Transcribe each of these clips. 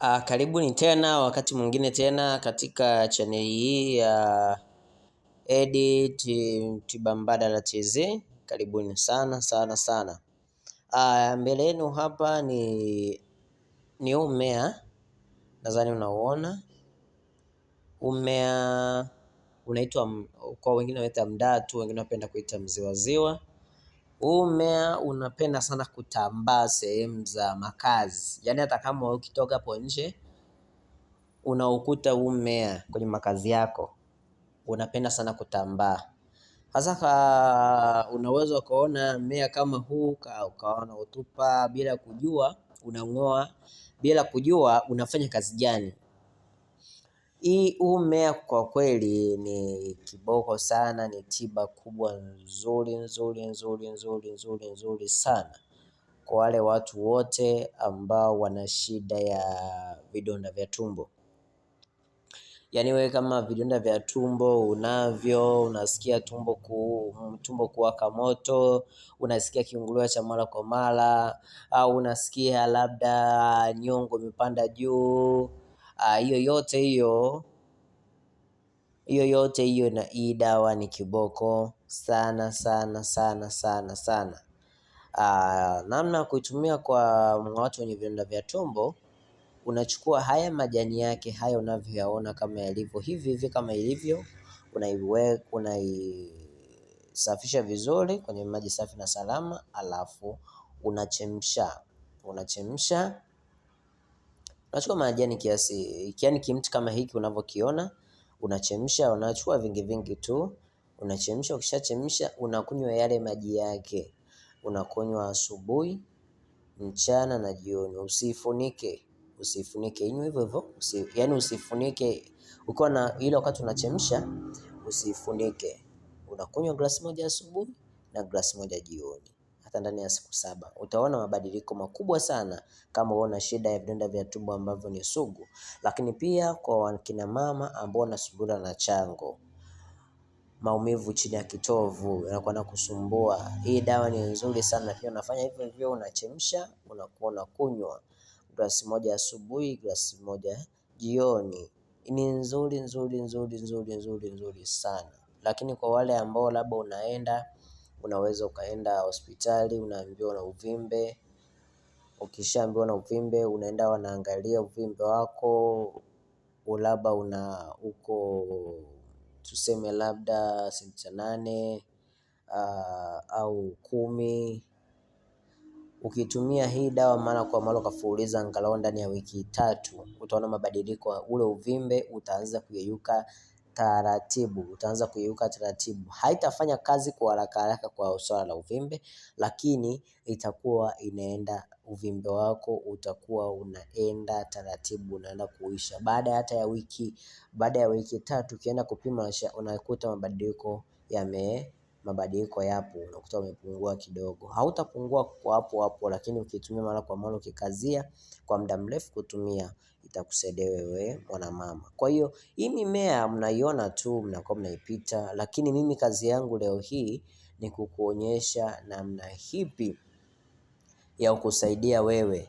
Uh, ah, karibuni tena wakati mwingine tena katika chaneli hii ya Edit Tiba Mbadala TZ. Karibuni sana sana sana. Uh, mbele yenu hapa ni ni mmea, nadhani unauona mmea unaitwa, kwa wengine wanaita mdatu wengine wanapenda kuita mziwaziwa huu mmea unapenda sana kutambaa sehemu za makazi, yaani hata kama ukitoka hapo nje unaukuta huu mmea kwenye makazi yako unapenda sana kutambaa. Hasa unaweza ukaona mmea kama huu ukaona utupa bila kujua, unang'oa bila kujua unafanya kazi gani. Hii huu mmea kwa kweli ni kiboko sana, ni tiba kubwa nzuri nzuri nzuri nzuri nzuri nzuri sana kwa wale watu wote ambao wana shida ya vidonda vya tumbo. Yaani wewe kama vidonda vya tumbo unavyo, unasikia tumbo ku, tumbo kuwaka moto, unasikia kiungulua cha mara kwa mara, au unasikia labda nyongo imepanda juu Ah, hiyo yote hiyo hiyo yote hiyo, na hii dawa ni kiboko sana sana sana sana sana. Aa, ah, namna ya kuitumia kwa watu wenye vidonda vya tumbo, unachukua haya majani yake haya unavyoyaona kama yalivyo hivi hivi kama ilivyo, unaiwe unaisafisha vizuri kwenye maji safi na salama, alafu unachemsha unachemsha Unachukua majani kiasi, yaani kimti kama hiki unavyokiona, unachemsha, unachukua vingi vingi tu, unachemsha, ukishachemsha, unakunywa yale maji yake. Unakunywa asubuhi, mchana na jioni. Usifunike, usifunike, inywa hivyo hivyo, usi, yani usifunike. Ukiwa na ile wakati unachemsha, usifunike. Unakunywa glasi moja asubuhi na glasi moja jioni hata ndani ya siku saba utaona mabadiliko makubwa sana kama una shida ya vidonda vya tumbo ambavyo ni sugu. Lakini pia kwa wakina mama ambao wanasumbuliwa na chango, maumivu chini ya kitovu yanakuwa kusumbua, hii dawa ni nzuri sana. Pia unafanya hivyo hivyo, unachemsha, unakuwa unakunywa glasi moja asubuhi, glasi moja jioni. Ni nzuri nzuri nzuri nzuri nzuri nzuri sana, lakini kwa wale ambao labda unaenda unaweza ukaenda hospitali unaambiwa na uvimbe. Ukishaambiwa na uvimbe, unaenda wanaangalia uvimbe wako, labda una uko tuseme labda sentimita nane uh, au kumi. Ukitumia hii dawa mara kwa mara ukafuuliza angalau ndani ya wiki tatu, utaona mabadiliko. Ule uvimbe utaanza kuyeyuka taratibu, utaanza kuiuka taratibu. Haitafanya kazi kwa haraka haraka kwa swala la uvimbe, lakini itakuwa inaenda, uvimbe wako utakuwa unaenda taratibu, unaenda kuisha. Baada hata ya wiki, baada ya wiki tatu ukienda kupima unakuta mabadiliko yame mabadiliko yapo, unakuta umepungua kidogo. Hautapungua kwa hapo hapo, lakini ukitumia mara kwa mara ukikazia kwa muda mrefu kutumia itakusaidia wewe mwanamama. Kwa hiyo hii mimea mnaiona tu, mnakuwa mnaipita, lakini mimi kazi yangu leo hii ni kukuonyesha namna hipi ya kukusaidia wewe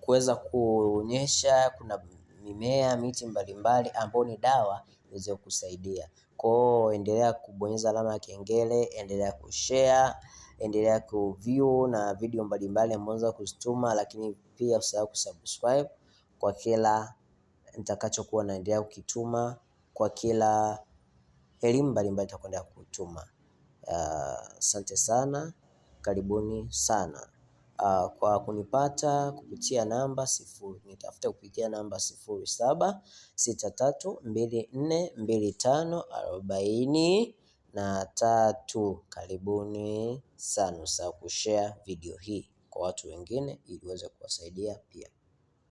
kuweza kuonyesha kuna mimea miti mbalimbali ambayo ni dawa iweze kukusaidia. Kwao endelea kubonyeza alama ya kengele, endelea kushare, endelea kuview na video mbalimbali ambazo kuzituma, lakini pia usahau kusubscribe kwa kila nitakachokuwa naendelea kukituma, kwa kila elimu mbalimbali nitakwenda kutuma. Asante uh, sana, karibuni sana uh, kwa kunipata kupitia namba sifuri nitafuta kupitia namba sifuri saba sita tatu mbili nne mbili tano arobaini na tatu. Karibuni sana, usahau kushare video hii kwa watu wengine ili iweze kuwasaidia pia.